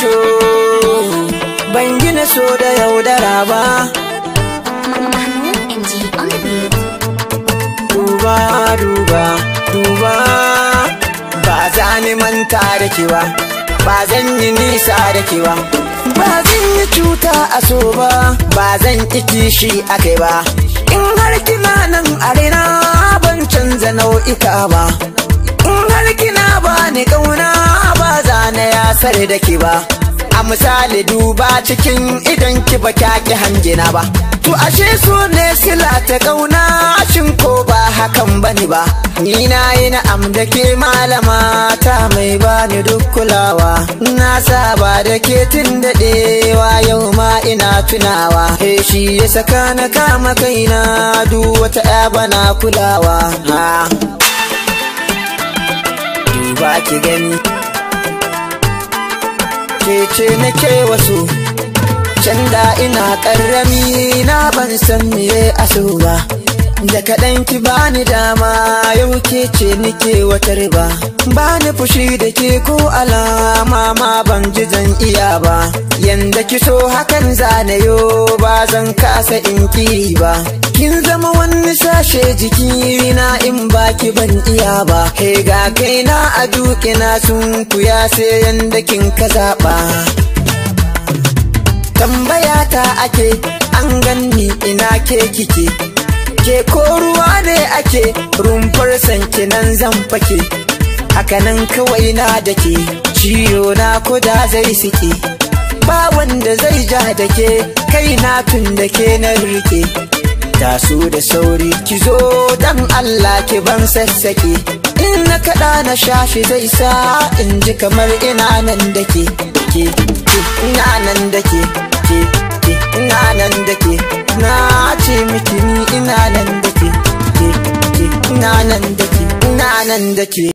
sho ban gina so da yaudara ba duba duba duba ba zane manta da kewa ba zan yi nisa da kewa ba zan yi cuta a so ba ba zan iki shi a kai ba in har kina nan arena ban canza nau'ika ba in har kina sare da ke ba a misali duba cikin idan ki ba ki hangina ba to ashe su ne sila ta kauna shin ko ba hakan bane ba ni na yi na'am da ke malama ta mai bani duk kulawa na saba da ke tun daɗewa yau ma ina tunawa he shi ya saka na kama kaina duk wata ya bana kulawa ha duba ki gani ce nake wasu can da ina karrami na ban san miye aso ba da kaɗan ki bani dama yau ke ce nike wata riba bani fushi da ke ko alama ma ban ji zan iya ba yanda ki so hakan yau ba zan kasa in kiri ba kin zama wani sashe jiki na in baki ban iya ba kai ga kaina a duke na sun kuya sai yanda kin ka zaba tambaya ta ake an ganni ina ke kike ke ko ruwa ne ake rumfar sanki nan zan fake hakanan kawai na da ke ciyo na kuda zai sike ba wanda zai ja da ke kai na tun da ke na rike taso da sauri ki zo dan Allah ki ban sassake in na kaɗa na shafi zai sa in ji kamar ina nan da ke ke ke ina nan da ke ke ke ina nan da ke na ce miki ni ina nan da ke ke ke ina nan da ke ina nan da ke